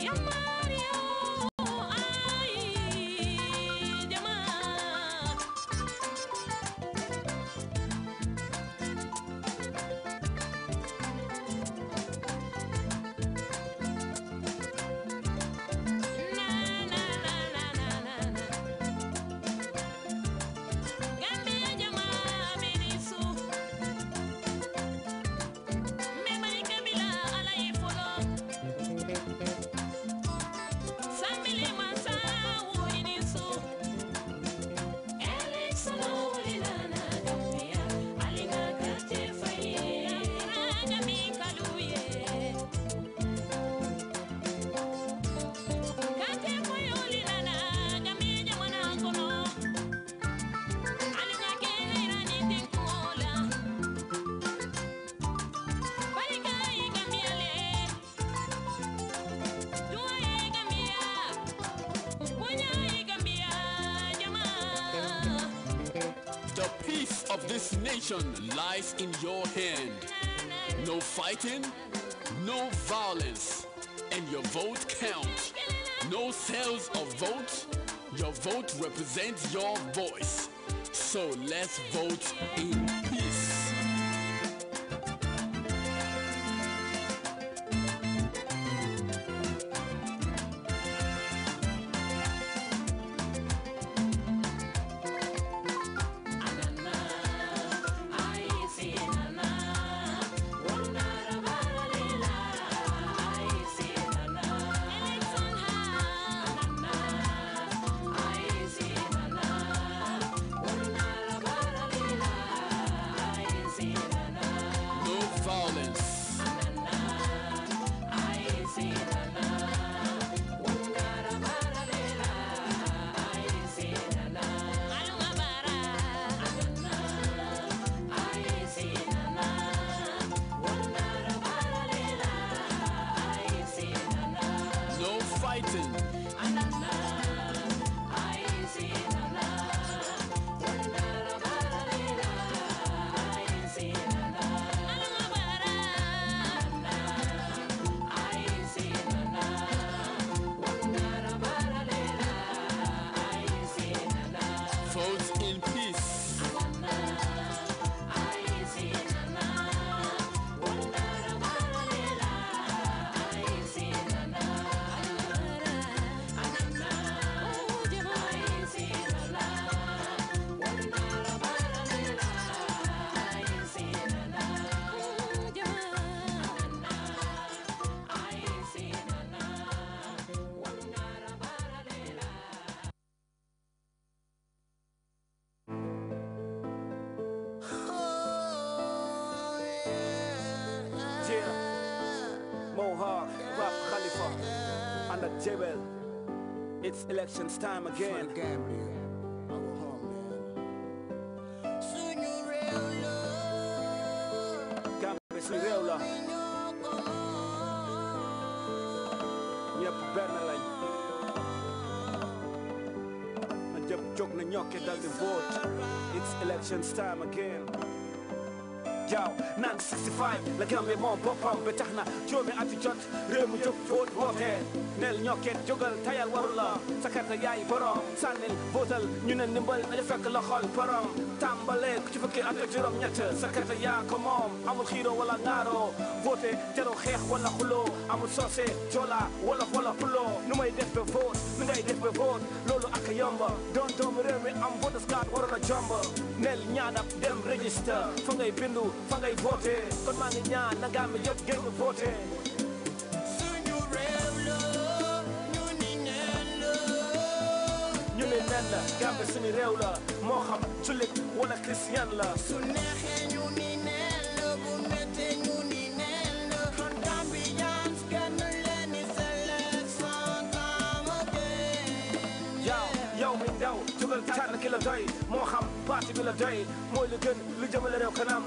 Я Мария. This nation lies in your hand. No fighting, no violence, and your vote counts. No sales of votes, your vote represents your voice. So let's vote in. Jewel, it's elections time again. Gambia, mi réew la ñëpp benn lañ na jëpp jóg na ñokke dal di vote it's elections time again jaaw naan 65 la gam yi moom boppam ba tax na joomi ati jot réew mu jóg fóot woote nel ñokket jógal tayal waru la sakar na yaay borom sànnil vootal ñu ne ndimbal na fekk la xol borom tàmbalee ku ci fukki ak juróom ñett sakar na yaa ko moom amul xiiro wala ŋaaro voote jaro xeex wala xuloo amul soose joola wala wala xuloo nu may def ba voot nu ngay def ba voot yomba doon doomu réew mi am vote card a jomba nel ñaanab dem register fa ngay bindu fa ngay voté kon maa ngi ñaan na ngaa mi yëpp génn voté ñu ne nen la Gambie suñu réew la moo xam jullit wala christian la la doy moo xam parti bi la doy mooy lu gën lu jëmale réew kanam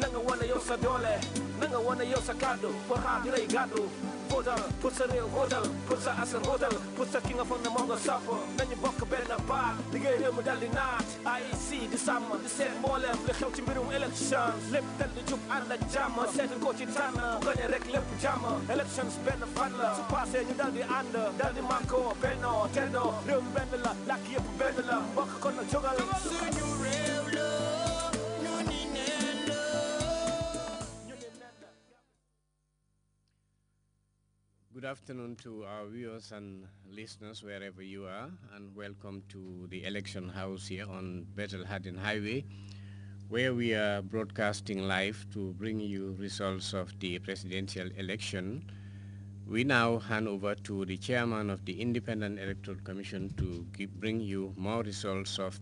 na nga wane yow sa doole na nga wane yow sa kàddu boo xaar di lay gàddu votal pour sa réew votal pour sa askan votal pour sa ki nga foog ne moom nga sàpp nañu bokk benn baat liggéey réew mi dal di naat IEC di sàmm di seet mbooleem li xew ci mbirum élection lépp dal di jub ànd ak jàmm seetu ko ci tànn bu gañe rek lépp jàmm élections benn fan su passé ñu dal ànd dal di mànkoo bennoo tennoo réew benn la làkk yëpp afternoon to our viewers and listeners wherever you are, and welcome to the election house here on Betel Haddon Highway, where we are broadcasting live to bring you results of the presidential election. We now hand over to the chairman of the Independent Electoral Commission to bring you more results of